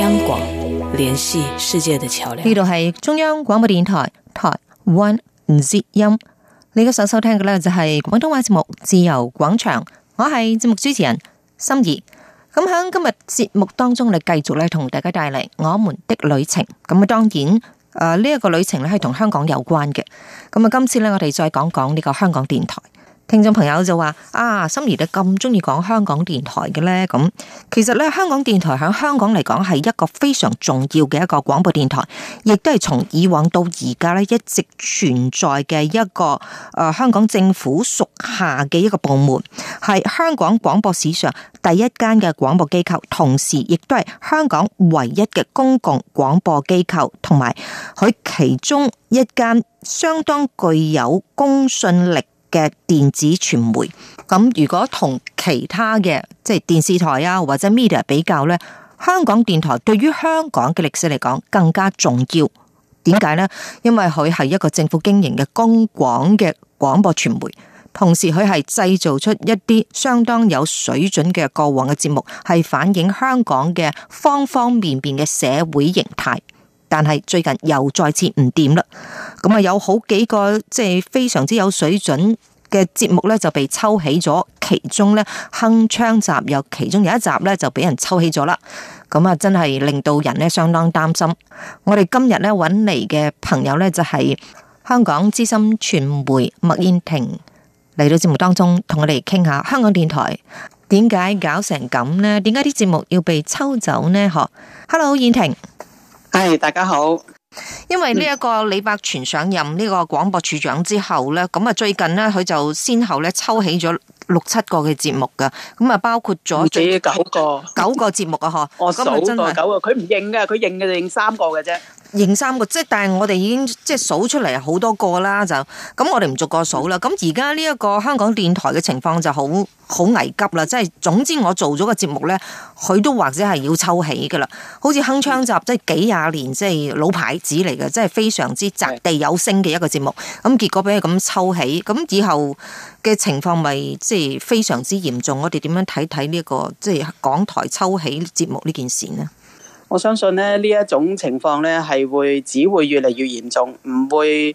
央廣，聯繫世界的橋樑，呢度係中央廣播電台台 One Z 音，你而家收聽嘅呢，就係廣東話節目《自由廣場》，我係節目主持人心儀。咁喺今日節目當中，你繼續咧同大家帶嚟我們的旅程。咁啊，當然，誒呢一個旅程咧係同香港有關嘅。咁啊，今次咧我哋再講講呢個香港電台。聽眾朋友就話，啊，心儀你咁中意講香港電台嘅咧，咁其實咧，香港電台喺香港嚟講係一個非常重要嘅一個廣播電台，亦都係從以往到而家咧一直存在嘅一個誒香港政府屬下嘅一個部門，係香港廣播史上第一間嘅廣播機構，同時亦都係香港唯一嘅公共廣播機構，同埋佢其中一間相當具有公信力。嘅電子傳媒，咁如果同其他嘅即係電視台啊，或者 media 比較咧，香港電台對於香港嘅歷史嚟講更加重要。點解呢？因為佢係一個政府經營嘅公廣嘅廣播傳媒，同時佢係製造出一啲相當有水準嘅過往嘅節目，係反映香港嘅方方面面嘅社會形態。但係最近又再次唔掂啦，咁啊有好幾個即係、就是、非常之有水準嘅節目呢，就被抽起咗，其中呢，鏗鏘集又其中有一集呢，就俾人抽起咗啦，咁啊真係令到人呢相當擔心。我哋今日呢，搵嚟嘅朋友呢，就係香港資深傳媒麥燕庭嚟到節目當中，同我哋傾下香港電台點解搞成咁呢？點解啲節目要被抽走呢？嗬，Hello 燕庭。係、哎，大家好。因為呢一個李百全上任呢個廣播處長之後咧，咁啊最近咧佢就先後咧抽起咗六七個嘅節目噶，咁啊包括咗九個九個節目啊嗬。今日真係九個，佢唔 認噶，佢認嘅就認三個嘅啫。認三個，即係但係我哋已經即係數出嚟好多個啦，就咁我哋唔逐個數啦。咁而家呢一個香港電台嘅情況就好好危急啦。即係總之我做咗個節目呢，佢都或者係要抽起噶啦。好似鏗鏘集，即係幾廿年即係老牌子嚟嘅，即係非常之擲地有聲嘅一個節目。咁結果俾佢咁抽起，咁以後嘅情況咪即係非常之嚴重。我哋點樣睇睇呢一個即係港台抽起節目呢件事呢？我相信咧，呢一種情況咧係會只會越嚟越嚴重，唔會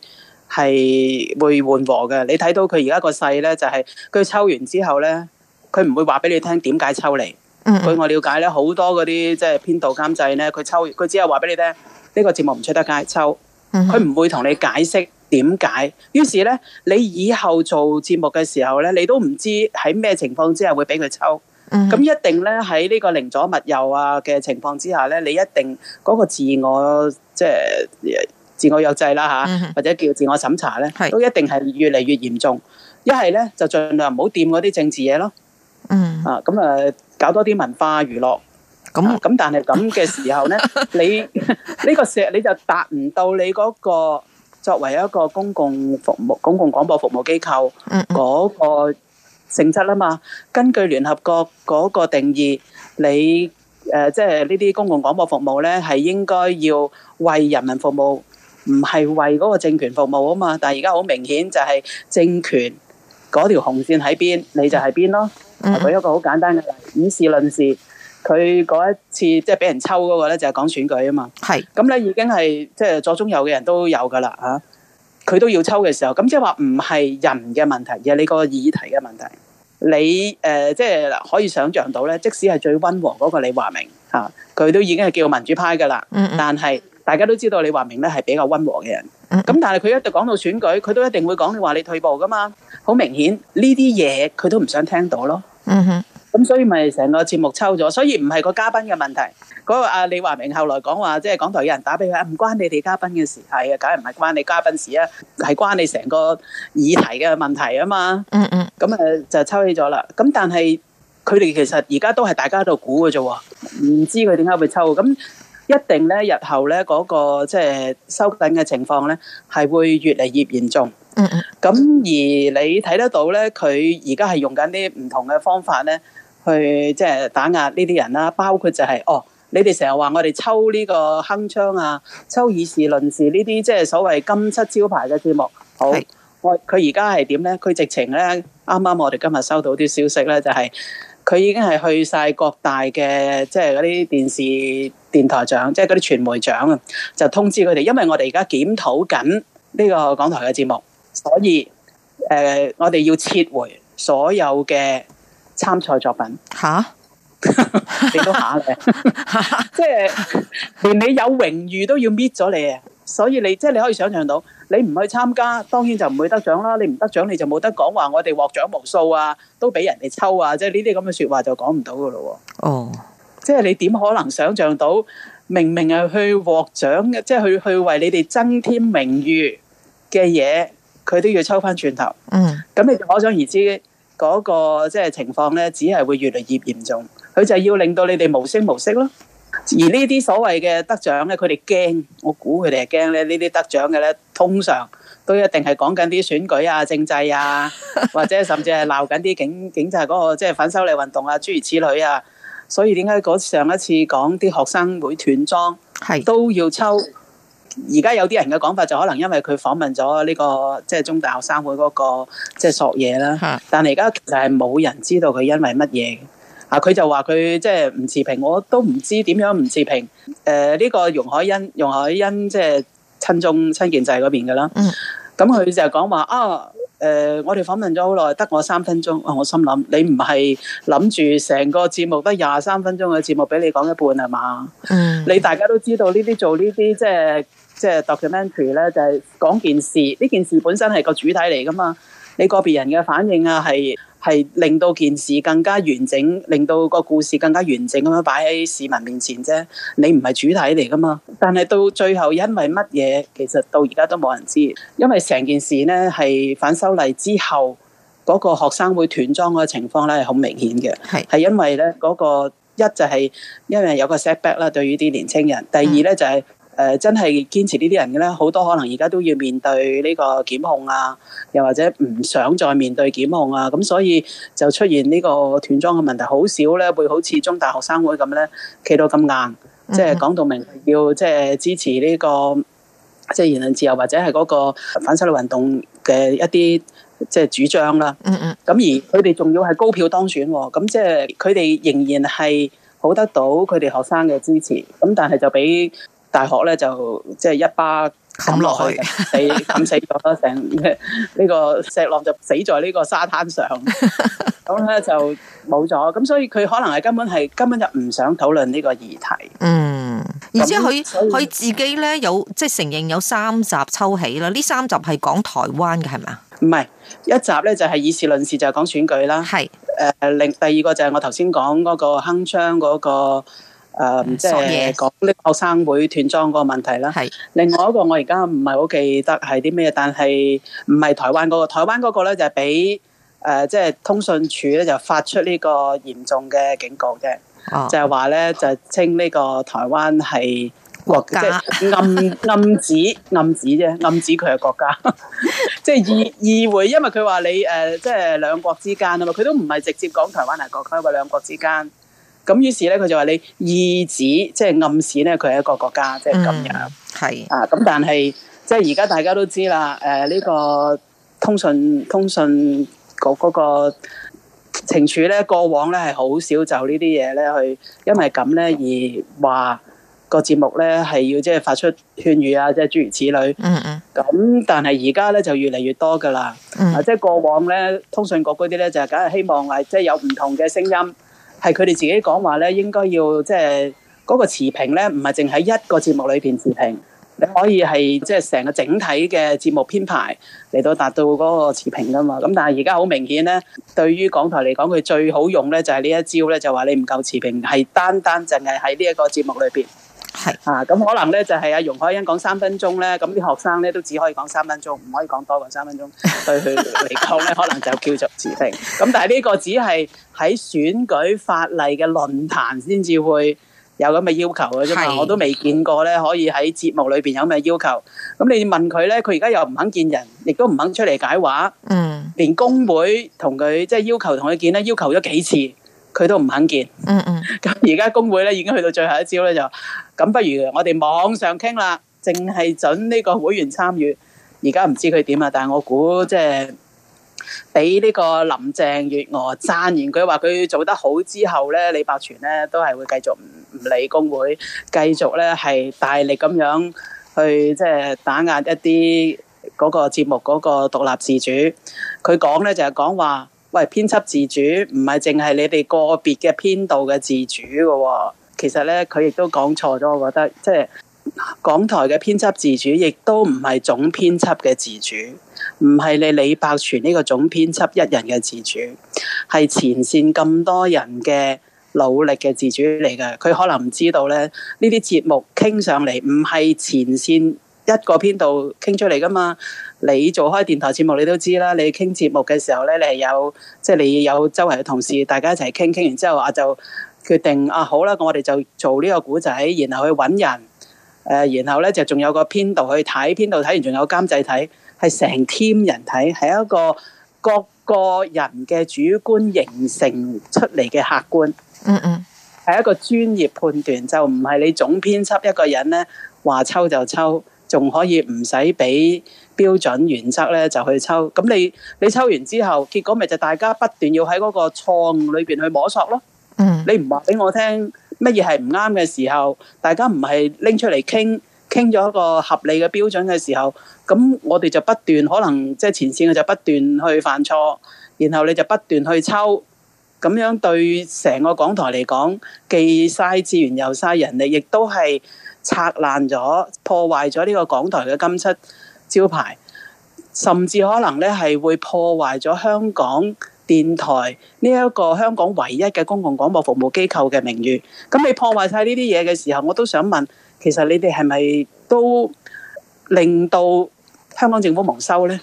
係會緩和嘅。你睇到佢而家個勢咧就係、是、佢抽完之後咧，佢唔會話俾你聽點解抽嚟據、mm -hmm. 我了解咧，好多嗰啲即係編導監製咧，佢抽佢只係話俾你聽呢、這個節目唔出得街，抽佢唔會同你解釋點解。於是咧，你以後做節目嘅時候咧，你都唔知喺咩情況之下會俾佢抽。咁一定咧喺呢個寧左勿右啊嘅情況之下咧，你一定嗰個自我即係自我約制啦嚇，或者叫自我審查咧，都一定係越嚟越嚴重。一係咧就儘量唔好掂嗰啲政治嘢咯。嗯啊，咁啊搞多啲文化娛樂。咁咁但係咁嘅時候咧，你呢個石你就達唔到你嗰個作為一個公共服務、公共廣播服務機構嗰個性質啊嘛，根據聯合國嗰個定義，你誒即係呢啲公共廣播服務咧，係應該要為人民服務，唔係為嗰個政權服務啊嘛。但係而家好明顯就係政權嗰條紅線喺邊，你就係邊咯。舉、嗯、一個好簡單嘅例子，以事論事。佢嗰一次即係俾人抽嗰個咧，就係講選舉啊嘛。係。咁咧已經係即係左中右嘅人都有噶啦嚇佢都要抽嘅時候，咁即係話唔係人嘅問題，而係你個議題嘅問題。你誒，即、呃、係、就是、可以想象到咧，即使係最温和嗰個李華明吓，佢、啊、都已經係叫民主派噶啦，嗯嗯。但係大家都知道李華明咧係比較温和嘅人。咁，嗯嗯，但係佢一講到選舉，佢都一定會講你話你退步噶嘛，好明顯呢啲嘢佢都唔想聽到咯。嗯哼，嗯。咁所以咪成個節目抽咗，所以唔係個嘉賓嘅問題。嗰個阿李華明後來講話，即係港台有人打俾佢，唔關你哋嘉賓嘅事，係啊，梗係唔係關你嘉賓事啊，係關你成個議題嘅問題啊嘛。嗯嗯。咁啊，就抽起咗啦。咁但係佢哋其實而家都係大家喺度估嘅啫，唔知佢點解會抽。咁一定咧，日後咧嗰個即係收緊嘅情況咧，係會越嚟越嚴重。嗯嗯。咁而你睇得到咧，佢而家係用緊啲唔同嘅方法咧。去即係打壓呢啲人啦，包括就係、是、哦，你哋成日話我哋抽呢個鏗鏘啊，抽議事論事呢啲即係所謂金漆招牌嘅節目。好，是現在是呢呢剛剛我佢而家係點咧？佢直情咧，啱啱我哋今日收到啲消息咧，就是，就係佢已經係去晒各大嘅即係嗰啲電視電台長，即係嗰啲傳媒長啊，就通知佢哋，因為我哋而家檢討緊呢個港台嘅節目，所以誒、呃，我哋要撤回所有嘅。參賽作品吓，哈 你都吓嘅，即 係、就是、連你有榮譽都要搣咗你啊！所以你即係、就是、你可以想象到，你唔去參加，當然就唔會得獎啦。你唔得獎，你就冇得講話。我哋獲獎無數啊，都俾人哋抽啊，即係呢啲咁嘅說話就講唔到噶咯。哦，即、就、係、是、你點可能想象到，明明係去獲獎，即、就、係、是、去去為你哋增添名譽嘅嘢，佢都要抽翻轉頭。嗯，咁你就可想而知。嗰個即係情況咧，只係會越嚟越嚴重。佢就係要令到你哋無聲無息咯。而呢啲所謂嘅得獎咧，佢哋驚，我估佢哋係驚咧。呢啲得獎嘅咧，通常都一定係講緊啲選舉啊、政制啊，或者甚至係鬧緊啲警警察嗰個即係反修例運動啊，諸如此類啊。所以點解嗰上一次講啲學生會斷裝，係都要抽？而家有啲人嘅講法就可能因為佢訪問咗呢、這個即係、就是、中大學生會嗰、那個即係、就是、索嘢啦，但係而家其實係冇人知道佢因為乜嘢啊？佢就話佢即係唔持平，我都唔知點樣唔持平。誒、呃、呢、這個容海恩，容海恩即係親中親建制嗰邊嘅啦。咁、嗯、佢就講話啊誒、呃，我哋訪問咗好耐，得我三分鐘。我心諗你唔係諗住成個節目得廿三分鐘嘅節目俾你講一半係嘛、嗯？你大家都知道呢啲做呢啲即係。就是即係 documentary 咧，就係、是、講件事。呢件事本身係個主體嚟噶嘛？你個別人嘅反應啊，係係令到件事更加完整，令到個故事更加完整咁樣擺喺市民面前啫。你唔係主體嚟噶嘛？但係到最後因為乜嘢，其實到而家都冇人知。因為成件事咧係反修例之後嗰、那個學生會斷莊。嗰個情況咧，係好明顯嘅。係係因為咧嗰、那個一就係、是、因為有個 setback 啦，對於啲年青人。第二咧就係。嗯誒、呃、真係堅持呢啲人嘅咧，好多可能而家都要面對呢個檢控啊，又或者唔想再面對檢控啊，咁所以就出現呢個斷裝嘅問題，好少咧會好似中大學生會咁咧企到咁硬，即係講到明要即係支持呢、呢個即係、就是、言論自由或者係嗰個反修例運動嘅一啲即係主張啦、啊。嗯嗯。咁而佢哋仲要係高票當選、啊，咁即係佢哋仍然係好得到佢哋學生嘅支持，咁但係就俾。大學咧就即係一巴冚落去死，死冚死咗成呢個石浪，就死在呢個沙灘上。咁 咧就冇咗。咁所以佢可能係根本係根本就唔想討論呢個議題。嗯，而且佢佢自己咧有即係、就是、承認有三集抽起啦。呢三集係講台灣嘅係咪？唔係一集咧就係、是、以事論事就係、是、講選舉啦。係誒、呃，另第二個就係我頭先講嗰個鏗鏘嗰、那個。誒、嗯，即係講呢個學生會斷莊嗰個問題啦。係，另外一個我而家唔係好記得係啲咩，但係唔係台灣嗰、嗰個。台灣嗰個咧就係俾誒，即、呃、係、就是、通訊處咧就發出呢個嚴重嘅警告啫、哦，就係話咧就稱呢個台灣係國、國家、就是、暗暗指暗指啫，暗指佢係國家，即係意意會。因為佢話你誒，即係兩國之間啊嘛，佢都唔係直接講台灣係國家，話兩國之間。咁於是咧，佢就話你意指，即係暗示咧，佢係一個國家，即係咁樣。嗯。係啊，咁但係即係而家大家都知啦，誒呢個通訊通訊局嗰個懲處咧，過往咧係好少就呢啲嘢咧去，因為咁咧而話個節目咧係要即係發出勸喻啊，即係諸如此類。嗯嗯。咁但係而家咧就越嚟越多噶啦。嗯。啊，即係過往咧，通訊局嗰啲咧就係梗係希望係即係有唔同嘅聲音。係佢哋自己講話咧，應該要即係嗰個持平咧，唔係淨喺一個節目裏邊持平，你可以係即係成個整體嘅節目編排嚟到達到嗰個持平噶嘛。咁但係而家好明顯咧，對於港台嚟講，佢最好用咧就係呢一招咧，就話你唔夠持平，係單單淨係喺呢一個節目裏邊。係啊，咁可能咧就係阿容海恩講三分鐘咧，咁啲學生咧都只可以講三分鐘，唔可以講多過三分鐘，對佢嚟講咧，可能就叫做辭退。咁但係呢個只係喺選舉法例嘅論壇先至會有咁嘅要求嘅啫嘛，我都未見過咧，可以喺節目裏邊有咩要求。咁你問佢咧，佢而家又唔肯見人，亦都唔肯出嚟解話。嗯，連工會同佢即係要求同佢見咧，要求咗幾次。佢都唔肯見。嗯嗯，咁而家工會咧已經去到最後一招咧就，咁不如我哋網上傾啦，淨係准呢個會員參與。而家唔知佢點啊，但係我估即係俾呢個林鄭月娥讚完，佢話佢做得好之後咧，李百全咧都係會繼續唔理工會，繼續咧係大力咁樣去即係打壓一啲嗰個節目嗰個獨立自主。佢講咧就係講話。喂，編輯自主唔係淨係你哋個別嘅編導嘅自主嘅、哦，其實呢，佢亦都講錯咗，我覺得即係、就是、港台嘅編輯自主，亦都唔係總編輯嘅自主，唔係你李百全呢個總編輯一人嘅自主的，係前線咁多人嘅努力嘅自主嚟嘅。佢可能唔知道咧呢啲節目傾上嚟唔係前線。一個編導傾出嚟㗎嘛？你做開電台節目，你都知啦。你傾節目嘅時候咧，你係有即係、就是、你有周圍嘅同事，大家一齊傾，傾完之後啊，就決定啊好啦，我哋就做呢個古仔，然後去揾人。誒、呃，然後咧就仲有一個編導去睇，編導睇完仲有監製睇，係成 team 人睇，係一個各個人嘅主觀形成出嚟嘅客觀。嗯嗯，係一個專業判斷，就唔係你總編輯一個人咧話抽就抽。仲可以唔使俾標準原則咧，就去抽。咁你你抽完之後，結果咪就大家不斷要喺嗰個錯誤裏邊去摸索咯。嗯，你唔話俾我聽乜嘢係唔啱嘅時候，大家唔係拎出嚟傾傾咗一個合理嘅標準嘅時候，咁我哋就不斷可能即係前線嘅就不斷去犯錯，然後你就不斷去抽，咁樣對成個港台嚟講，既嘥資源又嘥人力，亦都係，拆爛咗，破壞咗呢個港台嘅金漆招牌，甚至可能呢係會破壞咗香港電台呢一個香港唯一嘅公共廣播服務機構嘅名譽。咁你破壞晒呢啲嘢嘅時候，我都想問，其實你哋係咪都令到香港政府蒙羞呢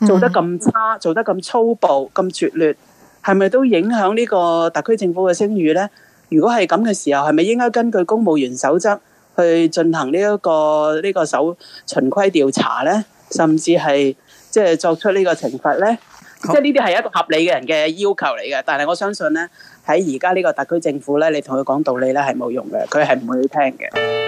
？Mm -hmm. 做得咁差，做得咁粗暴、咁拙劣，係咪都影響呢個特區政府嘅聲譽呢？如果係咁嘅時候，係咪應該根據公務員守則去進行呢、呢、一個呢、呢個守循規調查咧，甚至係即係作出呢個懲罰咧，即係呢啲係一個合理嘅人嘅要求嚟嘅。但係我相信咧，喺而家呢個特區政府咧，你同佢講道理咧係冇用嘅，佢係唔會聽嘅。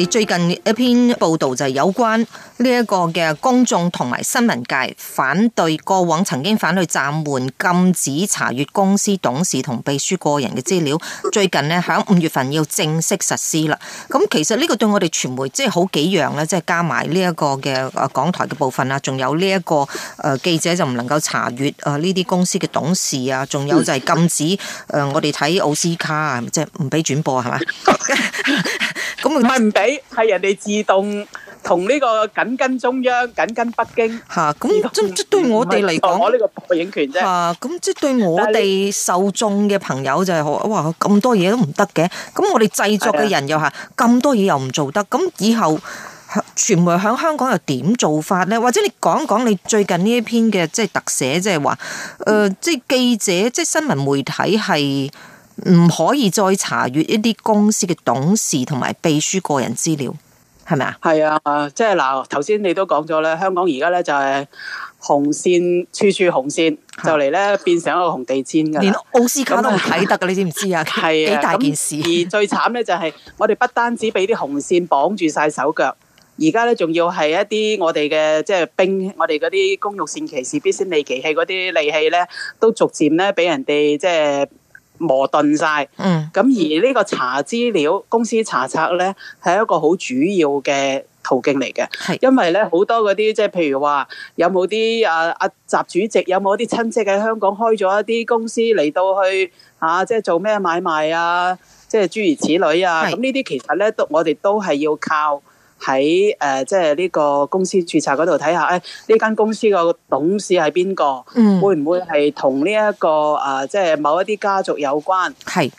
你最近一篇報道就係有關呢一個嘅公眾同埋新聞界反對，過往曾經反對暫緩禁止查閱公司董事同秘書個人嘅資料，最近咧響五月份要正式實施啦。咁其實呢個對我哋傳媒即係好幾樣咧，即係加埋呢一個嘅啊港台嘅部分啊，仲有呢一個誒記者就唔能夠查閱啊呢啲公司嘅董事啊，仲有就係禁止誒我哋睇奧斯卡啊，即係唔俾轉播係係嘛？咁咪唔俾？係人哋自動同呢個緊跟中央、緊跟北京。吓、啊、咁，即對我哋嚟講，我呢個播影權啫。咁、啊、即對我哋受眾嘅朋友就係、好，哇咁多嘢都唔得嘅。咁我哋製作嘅人又吓咁多嘢又唔做得。咁以後傳媒響香港又點做法咧？或者你講講你最近呢一篇嘅即係特寫，即係話，誒、呃，即記者即新聞媒體係。唔可以再查閱一啲公司嘅董事同埋秘書個人資料，係咪啊？係啊，即係嗱，頭先你都講咗喇，香港而家咧就係紅線處處紅線，就嚟咧變成一個紅地毯嘅，連奧斯卡都唔睇得噶，你知唔知啊？係幾大件事？而最慘咧就係、是、我哋不單止俾啲紅線綁住晒手腳，而家咧仲要係一啲我哋嘅即係兵，我哋嗰啲工欲善其事，必先利其器嗰啲利器咧，都逐漸咧俾人哋即係。磨頓晒。咁而呢個查資料、公司查冊咧，係一個好主要嘅途徑嚟嘅。因為咧好多嗰啲即係譬如話，有冇啲啊阿習主席有冇啲親戚喺香港開咗一啲公司嚟到去啊，即係做咩買賣啊，即係諸如此類啊。咁呢啲其實咧都我哋都係要靠，喺誒，即係呢個公司註冊嗰度睇下，誒呢間公司個董事係邊個？嗯，會唔會係同呢一個誒，即係某一啲家族有關？係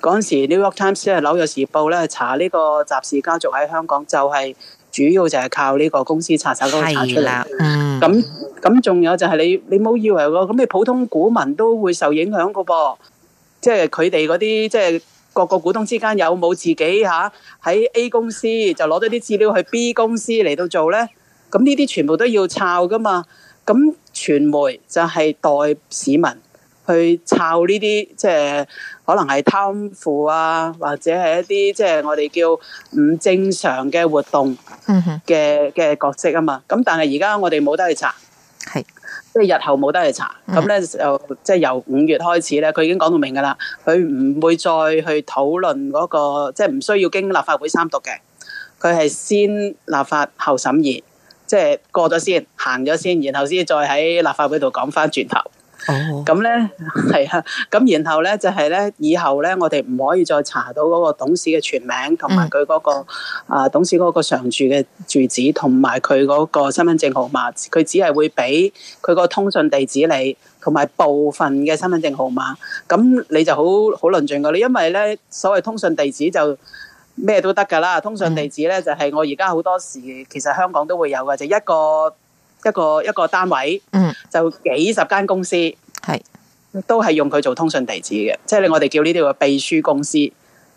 嗰陣時 New York Times 即係紐約時報咧，查呢個習氏家族喺香港就係主要就係靠呢個公司查手嗰查出嚟。咁咁仲有就係，你你唔好以為喎，咁你普通股民都會受影響噶噃，即係佢哋嗰啲即係。就是各個股東之間有冇自己嚇喺 A 公司就攞咗啲資料去 B 公司嚟到做呢？咁呢啲全部都要查㗎嘛？咁傳媒就係代市民去查呢啲，即係可能係貪腐啊，或者係一啲即係我哋叫唔正常嘅活動嘅嘅角色啊嘛。咁但係而家我哋冇得去查。係。即係日後冇得去查，咁咧就即係由五月開始咧，佢已經講到明㗎啦。佢唔會再去討論嗰個，即係唔需要經立法會三讀嘅，佢係先立法後審議，即係過咗先行咗先，然後先再喺立法會度講翻轉頭。咁咧係啊，咁然後咧就係、是、咧以後咧我哋唔可以再查到嗰個董事嘅全名同埋佢嗰個、嗯、啊董事嗰個常住嘅住址同埋佢嗰個身份證號碼，佢只係會俾佢個通訊地址你，同埋部分嘅身份證號碼。咁你就好好論盡噶，你因為咧所謂通訊地址就咩都得噶啦，通訊地址咧、嗯、就係、是、我而家好多時其實香港都會有嘅，就一個。一個一個單位，嗯、就幾十間公司，係都係用佢做通訊地址嘅，即係我哋叫呢啲嘅秘書公司，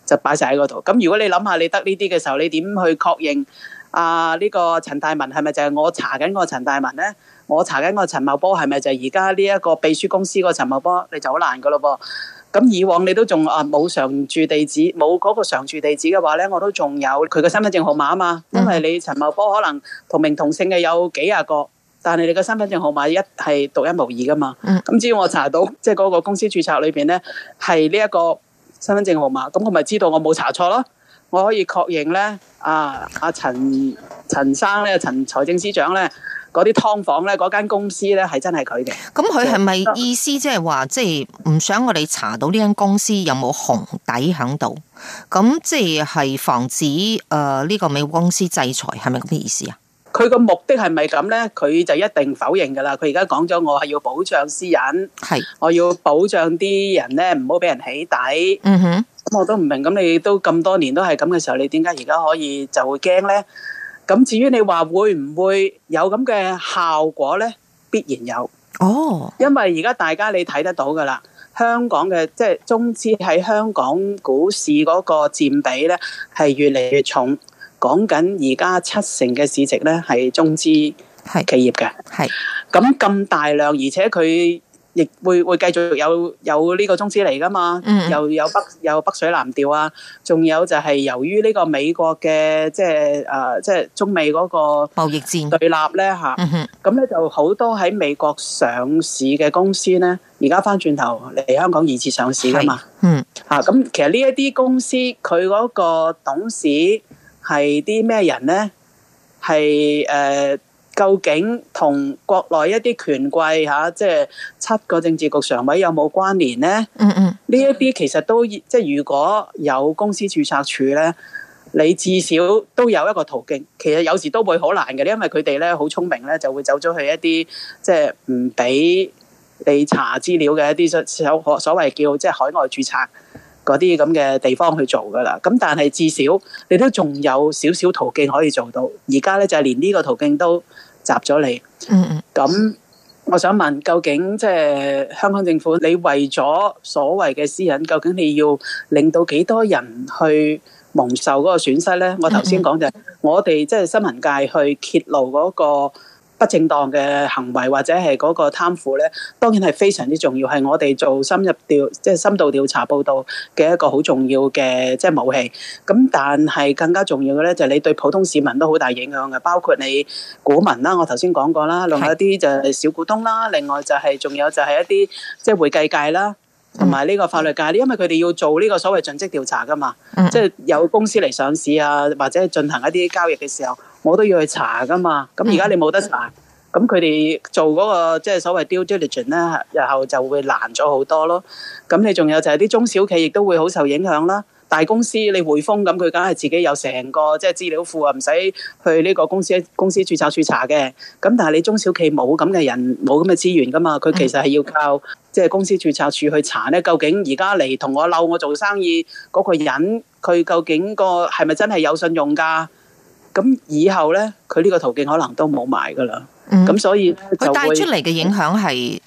就擺晒喺嗰度。咁如果你諗下，你得呢啲嘅時候，你點去確認啊？呢個陳大文係咪就係我查緊嗰個陳大文呢，我查緊個陳茂波係咪就係而家呢一個秘書公司個陳茂波？你就好難噶咯。咁以往你都仲啊冇常住地址，冇嗰個常住地址嘅話呢，我都仲有佢嘅身份證號碼啊嘛、嗯。因為你陳茂波可能同名同姓嘅有幾廿個。但係你嘅身份證號碼而家係獨一無二噶嘛？咁只要我查到，即係嗰個公司注冊裏邊咧，係呢一個身份證號碼，咁我咪知道我冇查錯咯。我可以確認咧，啊，阿阿陳陳生咧，陳財政司長咧，嗰啲劏房咧，嗰間公司咧，係真係佢嘅。咁佢係咪意思即係話，即係唔想我哋查到呢間公司有冇紅底響度？咁即係防止誒呢個美國公司制裁，係咪咁嘅意思啊？佢個目的係咪咁呢？佢就一定否認噶啦。佢而家講咗，我係要保障私隱，係我要保障啲人呢，唔好俾人起底。嗯哼，咁我都唔明。咁你都咁多年都係咁嘅時候，你點解而家可以就會驚呢？咁至於你話會唔會有咁嘅效果呢？必然有。哦，因為而家大家你睇得到噶啦，香港嘅即係中資喺香港股市嗰個佔比呢，係越嚟越重。講緊而家七成嘅市值咧，係中資係企業嘅，係咁咁大量，而且佢亦會會繼續有有呢個中資嚟噶嘛，又有北有北水南調啊，仲有就係由於呢個美國嘅即係誒即係中美嗰個貿易戰對立咧吓，咁咧就好多喺美國上市嘅公司咧，而家翻轉頭嚟香港二次上市噶嘛。嗯啊，咁其實呢一啲公司佢嗰個董事。係啲咩人呢？係誒、呃，究竟同國內一啲權貴吓，即、啊、係、就是、七個政治局常委有冇關聯呢？嗯嗯，呢一啲其實都即係、就是、如果有公司注冊處呢，你至少都有一個途徑。其實有時都會好難嘅，因為佢哋咧好聰明咧，就會走咗去一啲即係唔俾你查資料嘅一啲所所所謂叫即係、就是、海外注冊。嗰啲咁嘅地方去做㗎喇，咁但係至少你都仲有少少途徑可以做到，而家咧就係、是、連呢個途徑都閘咗你。嗯咁、嗯、我想問，究竟即係香港政府，你為咗所謂嘅私隱，究竟你要令到幾多人去蒙受嗰個損失咧？我頭先講就係、是嗯嗯、我哋即係新聞界去揭露嗰、那個，不正當嘅行為或者係嗰個貪腐咧，當然係非常之重要，係我哋做深入調即係深度調查報導嘅一個好重要嘅即係武器。咁但係更加重要嘅咧，就係你對普通市民都好大影響嘅，包括你股民啦。我頭先講過啦，另外一啲就係小股東啦，另外就係仲有就係一啲即係會計界啦，同埋呢個法律界。因為佢哋要做呢個所謂盡職調查噶嘛，即係有公司嚟上市啊，或者進行一啲交易嘅時候。我都要去查噶嘛，咁而家你冇得查，咁佢哋做嗰、那個即係、就是、所謂 due diligence 咧，日後就會難咗好多咯。咁你仲有就係啲中小企亦都會好受影響啦。大公司你匯豐咁，佢梗係自己有成個即係資料庫啊，唔使去呢個公司公司註冊處查嘅。咁但係你中小企冇咁嘅人，冇咁嘅資源噶嘛，佢其實係要靠即係、就是、公司註冊處去查咧。究竟而家嚟同我鬧我做生意嗰、那個人，佢究竟個係咪真係有信用噶？咁以後呢，佢呢個途徑可能都冇埋噶啦。咁、嗯、所以佢帶出嚟嘅影響係，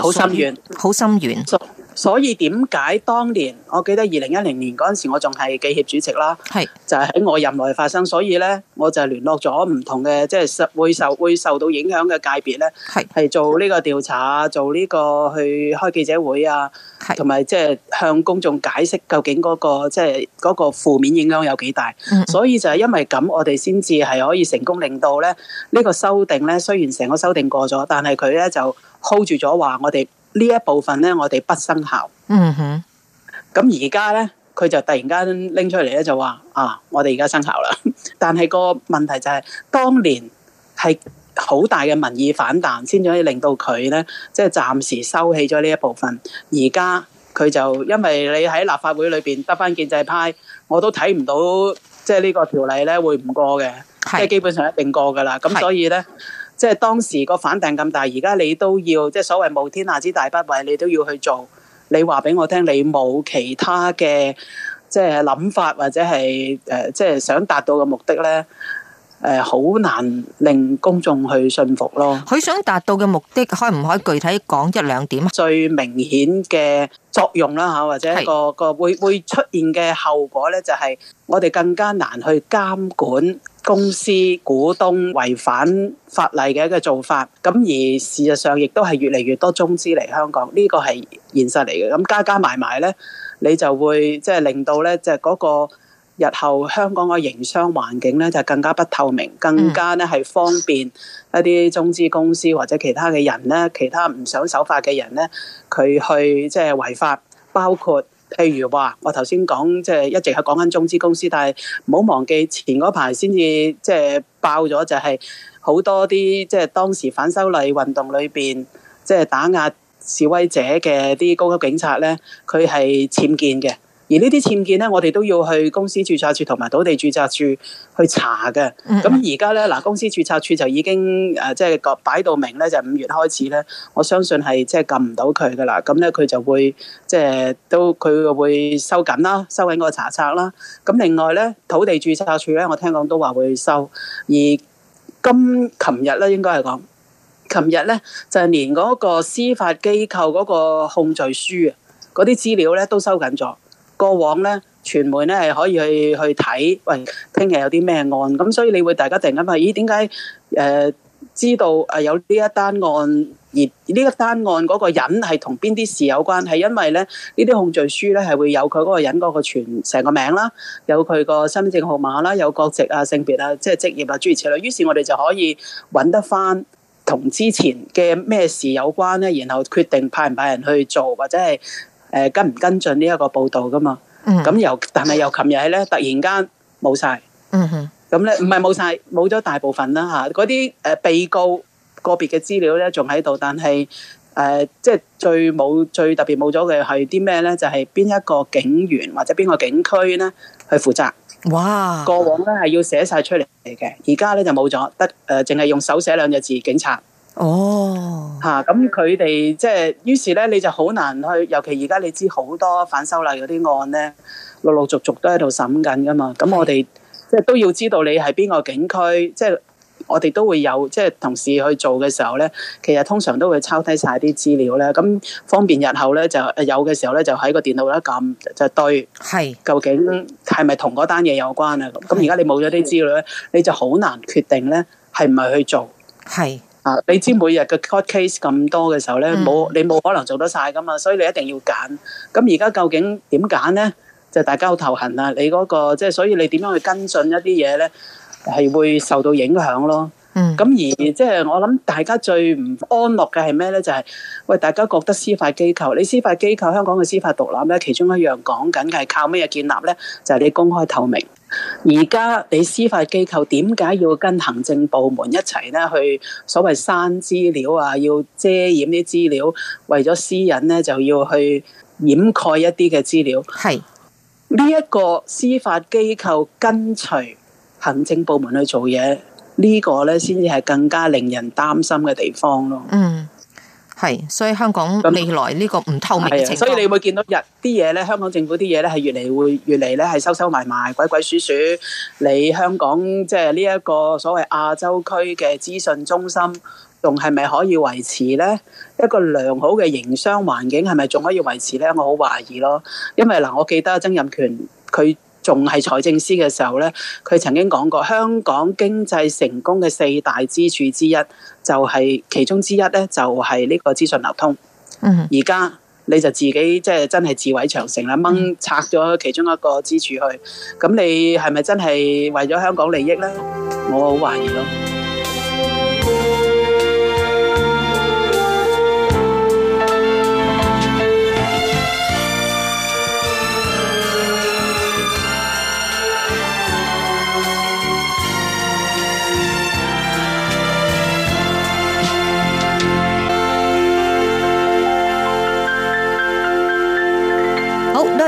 好深遠，好、呃、深遠。所以點解當年我記得二零一零年嗰陣時，我仲係記協主席啦，係就係喺我任內發生，所以咧我就聯絡咗唔同嘅即係受會受會受到影響嘅界別咧，係係做呢個調查，做呢個去開記者會啊，同埋即係向公眾解釋究竟嗰個即係嗰個負面影響有幾大，所以就係因為咁，我哋先至係可以成功令到咧呢個修訂咧，雖然成個修訂過咗，但係佢咧就 hold 住咗話我哋。呢一部分咧，我哋不生效。嗯哼。咁而家咧，佢就突然間拎出嚟咧，就話啊，我哋而家生效啦。 但係個問題就係、是，當年係好大嘅民意反彈，先至可以令到佢咧，即係暫時收起咗呢一部分。而家佢就因為你喺立法會裏邊得返建制派，我都睇唔到即係、就是、呢個條例咧會唔過嘅，即係、就是、基本上一定過噶啦。咁所以咧。即、就、係、是、當時個反彈咁大，而家你都要即係、就是、所謂冒天下之大不韙，你都要去做。你話俾我聽，你冇其他嘅即係諗法，或者係誒即係想達到嘅目的咧？誒，好難令公眾去信服咯。佢想達到嘅目的，可唔可以具體講一兩點最明顯嘅作用啦，吓？或者個個會會出現嘅後果咧，就係我哋更加難去監管公司股東違反法例嘅一個做法。咁而事實上，亦都係越嚟越多中資嚟香港，呢個係現實嚟嘅。咁加加埋埋咧，你就會即係令到咧，即係嗰個。日後香港嘅營商環境咧就更加不透明，更加咧係方便一啲中資公司或者其他嘅人咧，其他唔想守法嘅人咧，佢去即係違法。包括譬如話，我頭先講即係一直係講緊中資公司，但係唔好忘記前嗰排先至即係爆咗，就係好多啲即係當時反修例運動裏邊即係打壓示威者嘅啲高級警察咧，佢係僭建嘅。而呢啲僭建咧，我哋都要去公司註冊處同埋土地註冊處去查嘅。咁而家咧嗱，公司註冊處就已經誒，即係個擺到明咧，就五月開始咧，我相信係即係撳唔到佢噶啦。咁咧佢就會即係都佢會收緊啦，收緊嗰個查冊啦。咁另外咧，土地註冊處咧，我聽講都話會收。而今琴日咧，應該係講琴日咧，就係連嗰個司法機構嗰個控罪書啊，嗰啲資料咧都收緊咗。過往咧，傳媒咧係可以去去睇，喂，聽日有啲咩案？咁所以你會大家突然間話，咦？點解誒知道誒有呢一單案？而呢一單案嗰個人係同邊啲事有關？係因為咧呢啲控罪書咧係會有佢嗰個人嗰個全成個名啦，有佢個身份證號碼啦，有國籍啊、性別啊、即係職業啊諸如此類。於是我哋就可以揾得翻同之前嘅咩事有關咧，然後決定派唔派人去做，或者係。誒跟唔跟進呢一個報導㗎嘛？嗯，咁又但係又，琴日係咧突然間冇晒。嗯哼，咁咧唔係冇晒，冇咗、嗯、大部分啦嚇。嗰啲誒被告個別嘅資料咧，仲喺度，但係誒、呃、即係最冇最特別冇咗嘅係啲咩咧？就係、是、邊一個警員或者邊個警區咧去負責？哇！過往咧係要寫晒出嚟嘅，而家咧就冇咗，得誒淨係用手寫兩隻字警察。哦、啊，吓咁佢哋即係，於、就是咧你就好難去，尤其而家你知好多反修例嗰啲案咧，陸陸續續都喺度審緊噶嘛。咁我哋即係都要知道你係邊個警區，即係我哋都會有即係同事去做嘅時候咧，其實通常都會抄低晒啲資料咧，咁方便日後咧就有嘅時候咧就喺個電腦咧撳就對。係，究竟係咪同嗰單嘢有關啊？咁而家你冇咗啲資料咧，你就好難決定咧係唔係去做。係。啊！你知每日嘅 court case 咁多嘅時候咧，冇、嗯、你冇可能做得晒噶嘛，所以你一定要揀。咁而家究竟點揀咧？就是、大家好頭痕啊！你嗰、嗰個即係，就是、所以你點樣去跟進一啲嘢咧，係會受到影響咯。咁、嗯、而即係我諗，大家最唔安樂嘅係咩咧？就係喂，大家覺得司法機構，你司法機構香港嘅司法獨立咧，其中一樣講緊嘅係靠咩嘢建立咧？就係、是、你公開透明。而家你司法機構點解要跟行政部門一齊咧去所謂刪資料啊？要遮掩啲資料，為咗私隱咧就要去掩蓋一啲嘅資料。係呢一個司法機構跟隨行政部門去做嘢。呢個咧，先至係更加令人擔心嘅地方咯。嗯，係，所以香港未來呢個唔透明嘅情況，所以你會見到一啲嘢咧，香港政府啲嘢咧係越嚟會越嚟咧係收收埋埋、鬼鬼祟祟。你香港即係呢一個所謂亞洲區嘅資訊中心，仲係咪可以維持咧？一個良好嘅營商環境係咪仲可以維持咧？我好懷疑咯。因為嗱，我記得曾蔭權佢仲係財政司嘅時候呢，佢曾經講過香港經濟成功嘅四大支柱之一，就係其中之一呢，就係呢個資訊流通。mm-hmm. 而家你就自己即係真係自毀長城啦，掹拆咗其中一個支柱去，咁你係咪真係為咗香港利益呢？我好懷疑咯。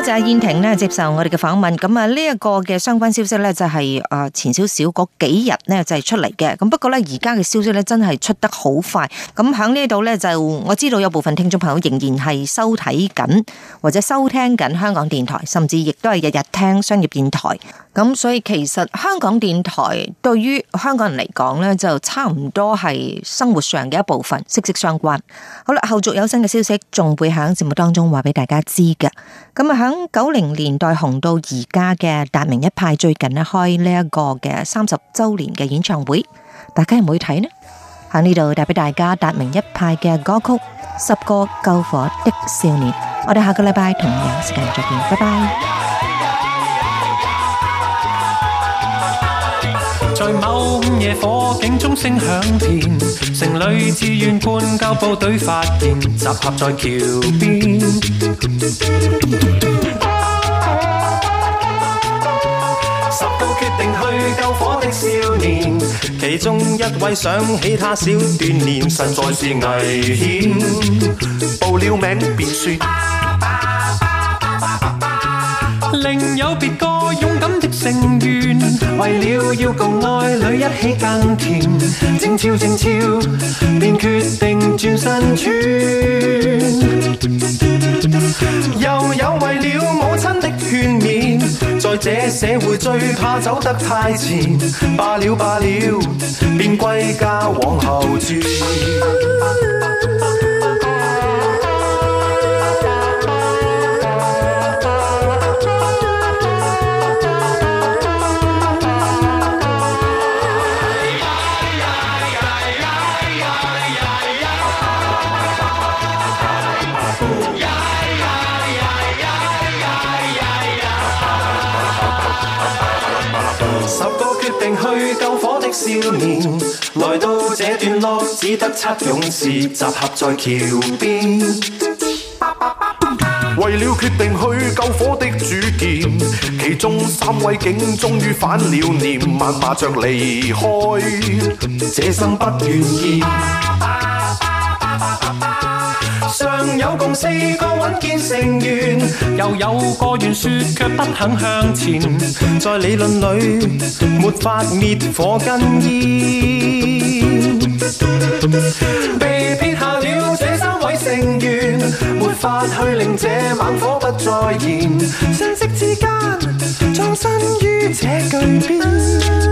就係、是、燕庭咧接受我哋嘅訪問，咁啊呢一個嘅相關消息咧就係誒前少少嗰幾日咧就係出嚟嘅，咁不過咧而家嘅消息咧真係出得好快，咁響呢度咧就我知道有部分聽眾朋友仍然係收睇緊或者收聽緊香港電台，甚至亦都係日日聽商業電台。咁所以其實香港電台對於香港人嚟講呢，就差唔多係生活上嘅一部分，息息相關。好啦，後續有新嘅消息，仲會響節目當中話俾大家知嘅。咁啊，響九零年代紅到而家嘅達明一派，最近呢開呢一個嘅三十週年嘅演唱會，大家有冇去睇呢？喺呢度帶俾大家達明一派嘅歌曲《十個救火的少年》，我哋下個禮拜同樣時間再見，拜拜。在某夜，火警鐘聲響遍，城裏志願灌救部隊發現，集合在橋邊。啊啊啊啊啊啊啊。十個決定去救火的少年，其中一位想起他小鍛煉，實在是危險。報了名便說。啊啊另有別個勇敢的成員為了要共愛侶一起耕田，靜悄靜悄，便決定轉身轉。 又有為了母親的勸勉，在這社會最怕走得太前，罷了罷了，便歸家往後轉。 十個決定去救火的少年，來到這段路只得七勇士集合在橋邊。為了決定去救火的主見，其中三位警終於反了念，慢馬着離開，這生不願意。有共四個穩健成員，又有個願說卻不肯向前，在理論裏沒法滅火根煙，被撇下了這三位成員，沒法去令這猛火不再燃，瞬息之間葬身於這巨變。